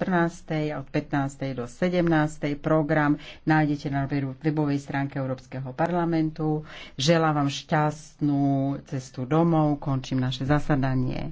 14. a od 15. do 17. program nájdete na webovej stránke Európskeho parlamentu. Želám vám šťastnú cestu domov, končím naše zasadanie.